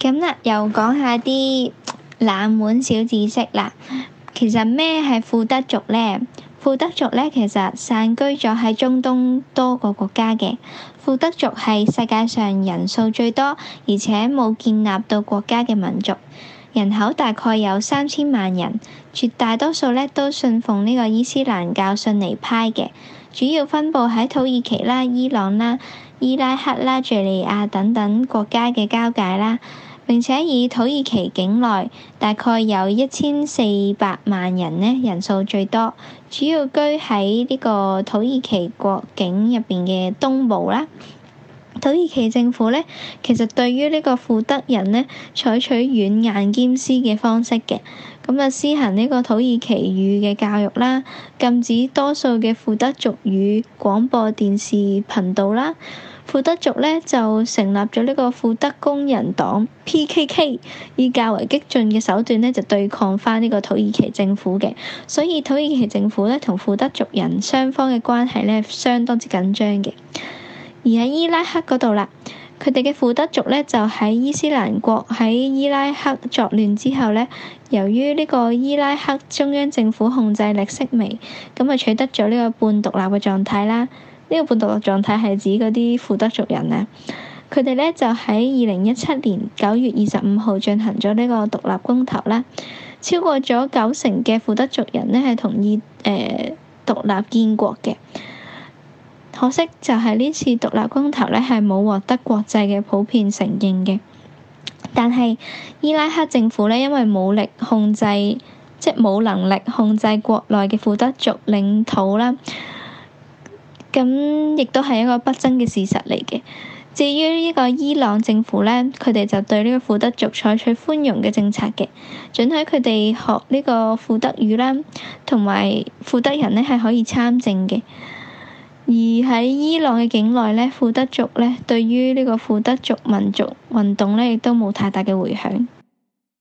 咁啦，又講下啲冷門小知識啦。其實咩係庫德族呢？庫德族咧，其實散居咗喺中東多個國家嘅庫德族係世界上人數最多，而且冇建立到國家嘅民族，人口大概有三千萬人，絕大多數咧都信奉呢個伊斯蘭教遜尼派嘅，主要分布喺土耳其啦、伊朗啦、伊拉克啦、敘利亞等等國家嘅交界啦。並且以土耳其境內大概有一千四百萬人呢，人數最多，主要居喺呢個土耳其國境入邊嘅東部啦。土耳其政府呢，其實對於呢個庫德人呢，採取軟硬兼施嘅方式嘅。咁啊，施行呢個土耳其語嘅教育啦，禁止多數嘅庫德族語廣播電視頻道啦。庫德族呢，就成立咗呢個庫德工人黨 （PKK），以較為激進嘅手段呢，就對抗返呢個土耳其政府嘅。所以土耳其政府呢，同庫德族人雙方嘅關係呢，相當之緊張嘅。而喺伊拉克嗰度啦，佢哋嘅庫德族呢，就喺伊斯蘭國，喺伊拉克作亂之後呢，由於呢個伊拉克中央政府控制力式微，咁啊取得咗呢個半獨立嘅狀態啦。呢個半獨立狀態係指嗰啲庫德族人啊，佢哋呢，就喺二零一七年九月二十五號進行咗呢個獨立公投啦，超過咗九成嘅庫德族人呢，係同意誒獨立建國嘅。可惜就係呢次獨立公投呢，係冇獲得國際嘅普遍承認嘅。但係伊拉克政府呢，因為冇力控制，即係冇能力控制國內嘅庫德族領土啦。咁亦都係一個不爭嘅事實嚟嘅。至於呢個伊朗政府呢，佢哋就對呢個庫德族採取寬容嘅政策嘅，准許佢哋學呢個庫德語啦，同埋庫德人呢係可以參政嘅。而喺伊朗嘅境內咧，庫德族咧，對於呢個庫德族民族運動咧，亦都冇太大嘅回響。